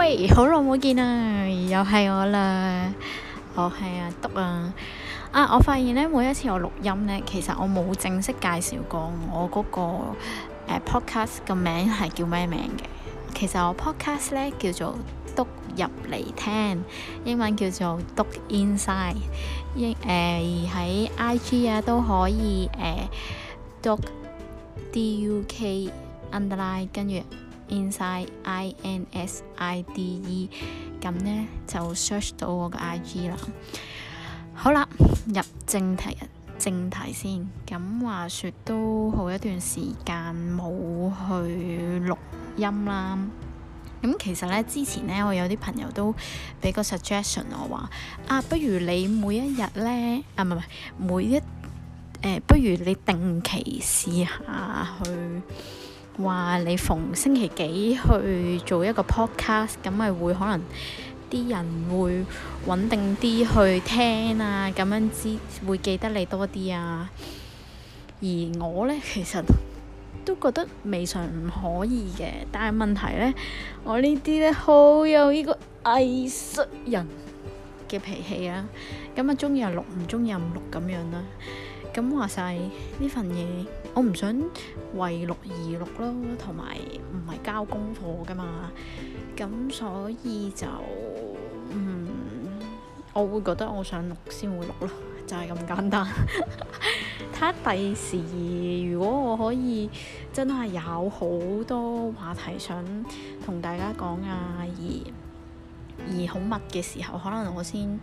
喂，好耐冇見啦，又係我啦，我係阿督啊，啊我發現咧，每一次我錄音咧，其實我冇正式介紹過我嗰、那個誒、呃、podcast 嘅名係叫咩名嘅。其實我 podcast 咧叫做督入嚟聽，英文叫做 Duk Inside，英誒、呃、而喺 IG 啊都可以誒 d、呃、u D U K underline 跟住。inside，i n s i d e，咁呢就 search 到我個 I G 啦。好啦，入正題，正題先。咁話說都好一段時間冇去錄音啦。咁其實呢，之前呢，我有啲朋友都俾個 suggestion 我話啊，不如你每一日呢，啊唔係唔係，每一誒、呃，不如你定期試下去。話你逢星期幾去做一個 podcast，咁咪會可能啲人會穩定啲去聽啊，咁樣至會記得你多啲啊。而我呢，其實都覺得未嘗唔可以嘅，但係問題呢，我呢啲呢，好有呢個藝術人嘅脾氣啊。咁啊中意就錄，唔中意唔錄咁樣啦。咁話晒，呢份嘢，我唔想為錄而錄咯，同埋唔係交功課噶嘛。咁所以就嗯，我會覺得我想錄先會錄咯，就係咁簡單。睇下第時，如果我可以真係有好多話題想同大家講啊，而而好密嘅時候，可能我先。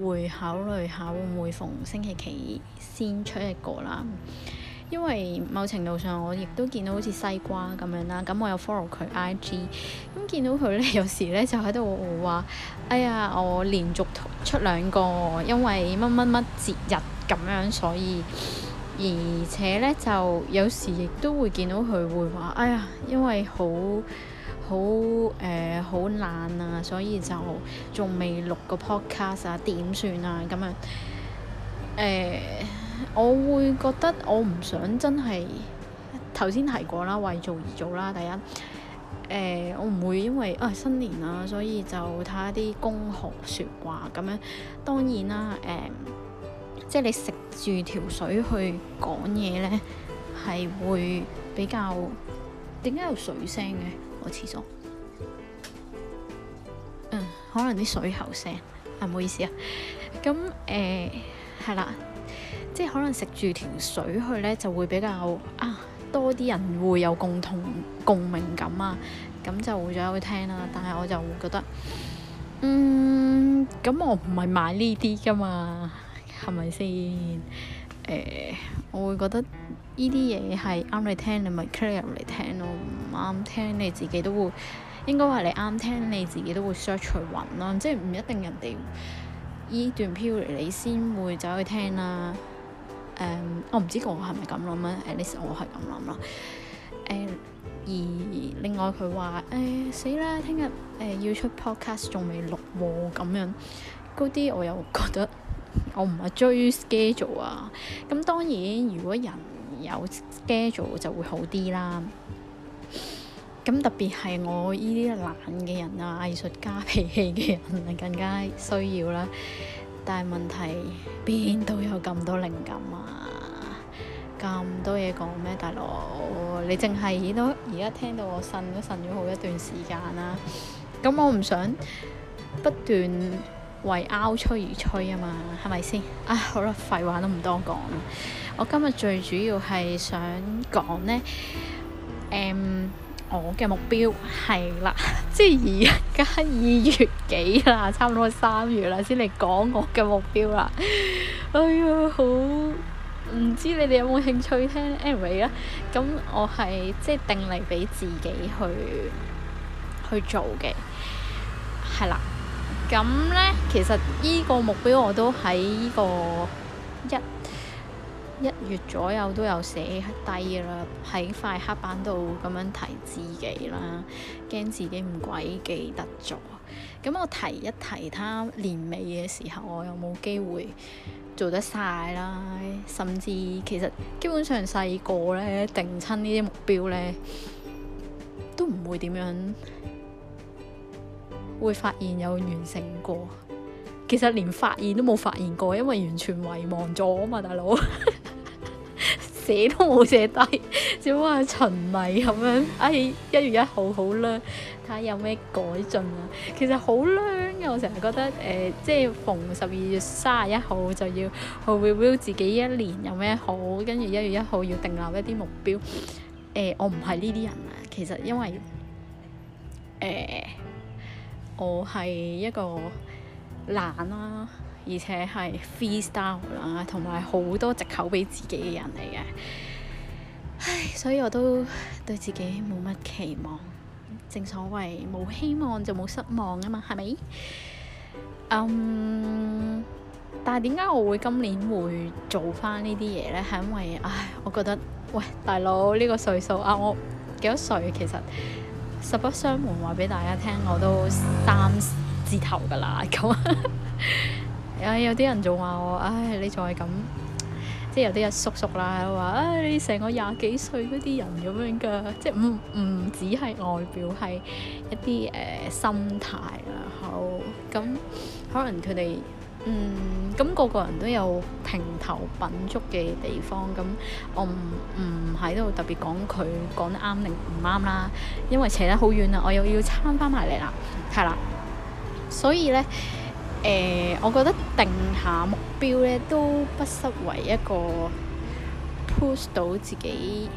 會考慮下會唔會逢星期幾先出一個啦，因為某程度上我亦都見到好似西瓜咁樣啦，咁我有 follow 佢 IG，咁見到佢咧有時咧就喺度話，哎呀我連續出兩個，因為乜乜乜節日咁樣，所以而且咧就有時亦都會見到佢會話，哎呀因為好。好誒好懶啊，所以就仲未錄個 podcast 啊，點算啊？咁啊誒，我會覺得我唔想真係頭先提過啦，為做而做啦，第一誒，我唔會因為啊新年啊，所以就睇下啲恭賀説話咁樣。當然啦，誒，即係你食住條水去講嘢咧，係會比較。點解有水聲嘅我廁所？嗯，可能啲水喉聲，係、啊、唔好意思啊。咁誒係啦，即係可能食住條水去呢，就會比較啊多啲人會有共同共鳴感啊。咁就會咗去聽啦。但係我就會覺得嗯，咁我唔係買呢啲噶嘛，係咪先？誒、呃，我會覺得呢啲嘢係啱你聽，你咪 click 入嚟聽咯；唔啱聽，你自己都會應該話你啱聽，你自己都會 search 去揾啦。即係唔一定人哋依段 p u 你先會走去聽啦、啊。誒、呃，我唔知我係咪咁諗啦。至少我係咁諗啦。誒、呃，而另外佢話誒死啦，聽日誒要出 podcast 仲未錄喎，咁樣嗰啲我又覺得。我唔係追 schedule 啊，咁當然如果人有 schedule 就會好啲啦。咁特別係我依啲懶嘅人啊，藝術家脾氣嘅人，啊，更加需要啦。但係問題邊度有咁多靈感啊？咁多嘢講咩？大佬，你淨係而都而家聽到我呻都呻咗好一段時間啦，啊。咁我唔想不斷。為拗吹而吹啊嘛，係咪先？啊，好啦，廢話都唔多講。我今日最主要係想講呢，誒，um，我嘅目標係啦，即係而家二月幾啦，差唔多三月啦，先嚟講我嘅目標啦。哎呀，好唔知你哋有冇興趣聽？Anyway 啦，咁我係即係定嚟俾自己去去做嘅，係啦。咁呢，其實呢個目標我都喺呢個一一月左右都有寫低啦，喺塊黑板度咁樣提自己啦，驚自己唔鬼記得咗。咁我提一提，他年尾嘅時候我又冇機會做得晒啦。甚至其實基本上細個呢，定親呢啲目標呢，都唔會點樣。會發現有完成過，其實連發現都冇發現過，因為完全遺忘咗啊嘛，大佬 寫都冇寫低，只不過沉迷咁樣，哎，一月一號好靚，睇下有咩改進啊。其實好靚嘅，我成日覺得誒、呃，即係逢十二月三十一號就要 review 自己一年有咩好，跟住一月一號要定立一啲目標。誒、呃，我唔係呢啲人啊，其實因為誒，呃我係一個懶啦、啊，而且係 free style 啦、啊，同埋好多藉口俾自己嘅人嚟嘅。唉，所以我都對自己冇乜期望。正所謂冇希望就冇失望啊嘛，係咪？嗯、um，但係點解我會今年會做翻呢啲嘢呢？係因為唉，我覺得喂大佬呢、呢個歲數啊，我幾多歲其實？實不相瞞，話俾大家聽，我都三字頭㗎啦，咁啊，有啲人仲話我，唉，你仲係咁，即係有啲阿叔叔啦，話唉，你成個廿幾歲嗰啲人咁樣㗎，即係唔唔只係外表係一啲誒、呃、心態啦。好咁，可能佢哋。嗯，咁、那個個人都有評頭品足嘅地方，咁我唔唔喺度特別講佢講得啱定唔啱啦，因為斜得好遠啦，我又要撐翻埋嚟啦，係啦，所以呢，誒、呃，我覺得定下目標呢，都不失為一個 push 到自己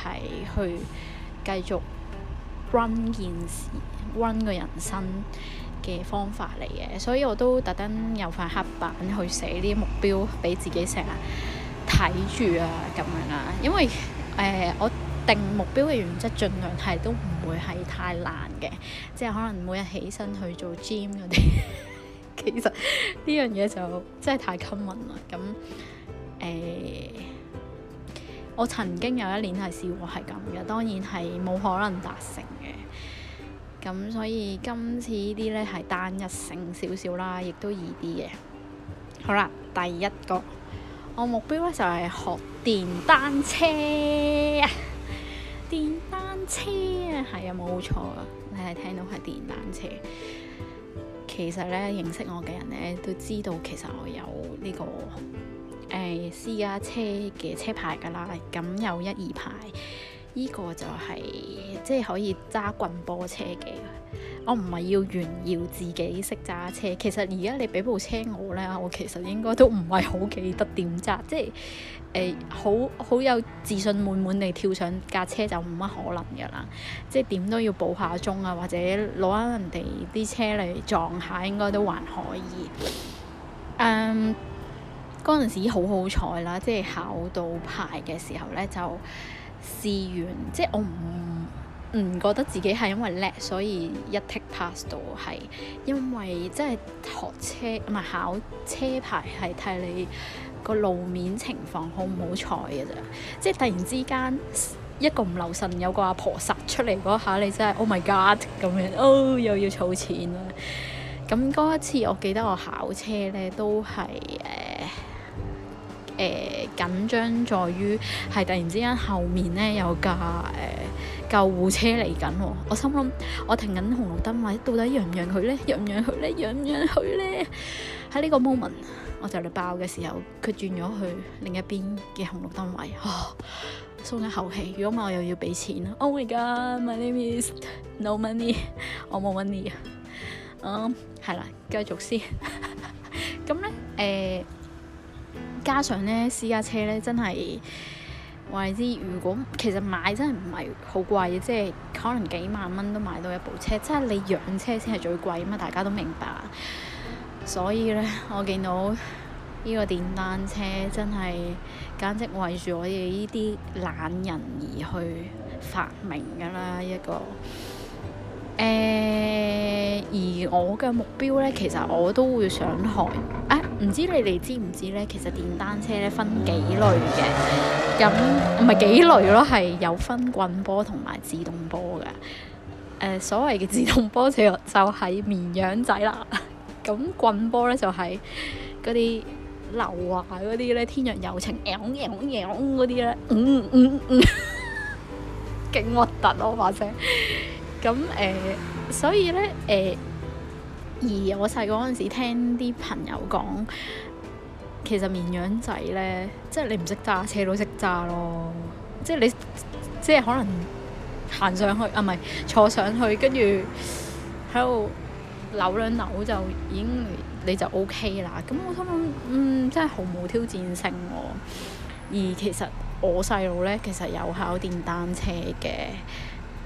係去繼續 run 件事，run 個人生。嘅方法嚟嘅，所以我都特登有塊黑板去寫啲目標俾自己成日睇住啊，咁樣啦。因為誒、呃、我定目標嘅原則盡量係都唔會係太難嘅，即係可能每日起身去做 gym 嗰啲， 其實呢樣嘢就真係太 common 啦。咁誒、欸、我曾經有一年係試過係咁嘅，當然係冇可能達成嘅。咁所以今次呢啲咧係單一性少少啦，亦都易啲嘅。好啦，第一個，我目標咧就係、是、學電單車啊！ 電單車啊，係啊，冇錯啊，你係聽到係電單車。其實咧，認識我嘅人咧都知道，其實我有呢、這個、欸、私家車嘅車牌噶啦，咁有一二排，依、這個就係、是。即係可以揸棍波車嘅，我唔係要炫耀自己識揸車。其實而家你俾部車我咧，我其實應該都唔係好記得點揸。即係誒、欸，好好有自信滿滿地跳上架車就唔乜可能嘅啦。即係點都要補下鐘啊，或者攞翻人哋啲車嚟撞下，應該都還可以。嗯，嗰陣時好好彩啦，即係考到牌嘅時候咧，就試完，即係我唔。唔，嗯、覺得自己係因為叻，所以一 take pass 到，係因為即係學車唔係考車牌，係睇你個路面情況好唔好彩嘅啫。即係突然之間一個唔留神，有個阿婆，婆殺出嚟嗰下，你真係 oh my god 咁樣。哦、oh，又要儲錢啦。咁嗰一次我記得我考車呢，都係誒誒。呃呃緊張在於係突然之間後面咧有架誒、欸、救護車嚟緊喎，我心諗我停緊紅綠燈位，到底讓唔讓佢咧？讓唔讓佢咧？讓唔讓佢咧？喺呢個 moment 我就嚟爆嘅時候，佢轉咗去另一邊嘅紅綠燈位，哦，鬆一口氣。如果唔係我又要俾錢。Oh my god, my name is no money，我冇 money 啊。嗯，係啦，繼續先。加上咧私家車咧真係，話你知，如果其實買真係唔係好貴，即係可能幾萬蚊都買到一部車，即係你養車先係最貴㗎嘛！大家都明白。所以咧，我見到呢個電單車真係簡直為住我哋呢啲懶人而去發明㗎啦一個。誒、呃，而我嘅目標咧，其實我都會想學唔知你哋知唔知咧？其實電單車咧分幾類嘅，咁唔係幾類咯，係有分棍波同埋自動波㗎。誒，所謂嘅自動波就就係綿羊仔啦。咁棍波咧就係嗰啲流滑嗰啲咧，天若有情，嗰啲咧，嗯嗯嗯，勁核突咯把聲。咁誒，所以咧誒。而我細個嗰陣時聽啲朋友講，其實綿羊仔呢，即係你唔識揸車都識揸咯，即係你即係可能行上去啊，唔係坐上去，跟住喺度扭兩扭就已經你就 OK 啦。咁我心諗，嗯，真係毫無挑戰性喎，啊。而其實我細路呢，其實有考電單車嘅。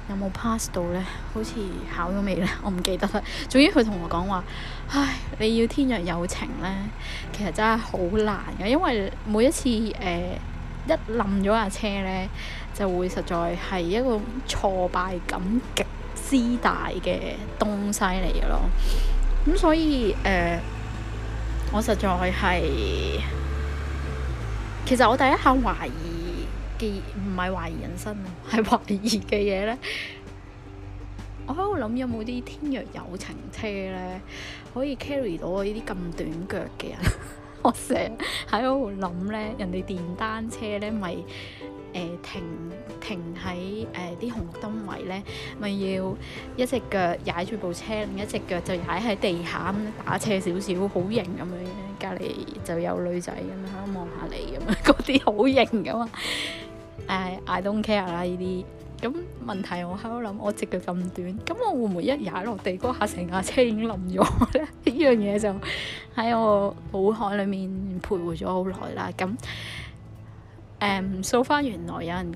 有冇 pass 到呢？好似考咗未呢？我唔記得啦。總之佢同我講話，唉，你要天若有情呢，其實真係好難嘅，因為每一次誒、呃、一冧咗架車呢，就會實在係一個挫敗感極之大嘅東西嚟嘅咯。咁所以誒、呃，我實在係，其實我第一下懷疑。唔係懷疑人生啊，係懷疑嘅嘢咧。我喺度諗有冇啲天若有情車咧，可以 carry 到我呢啲咁短腳嘅人。 我成日喺度諗咧，人哋電單車咧咪誒停停喺誒啲紅綠燈位咧，咪要一隻腳踩住部車，另一隻腳就踩喺地下咁打斜少少，好型咁樣。隔離就有女仔咁樣喺度望下你咁樣，嗰啲好型噶嘛～誒，uh, I don't care 啦呢啲。咁問題我喺度諗，我隻腳咁短，咁我會唔會一踩落地嗰下，成架車已經冧咗咧？呢樣嘢就喺我腦海裏面徘徊咗好耐啦。咁誒，數翻原來有人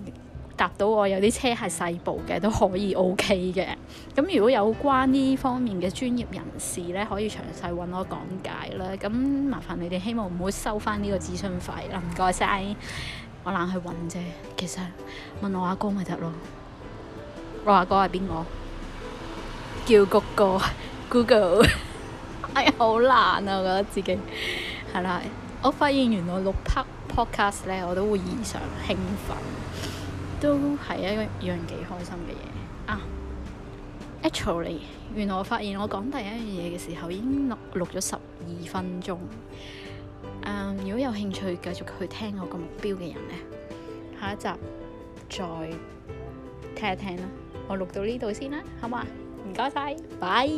答到我，有啲車係細部嘅都可以 OK 嘅。咁如果有關呢方面嘅專業人士咧，可以詳細揾我講解啦。咁麻煩你哋，希望唔好收翻呢個諮詢費啦。唔該晒。我懶去搵啫，其實問我阿哥咪得咯。我阿哥係邊個？叫谷歌 Google。 哎呀，好難啊！我覺得自己係啦。 我發現原來錄 podcast 咧，我都會異常興奮，都係一個讓人幾開心嘅嘢啊。Actually，原來我發現我講第一樣嘢嘅時候，已經錄錄咗十二分鐘。Um, 如果有興趣繼續去聽我個目標嘅人呢，下一集再聽一聽啦。我錄到呢度先啦，好嘛？唔該晒，拜。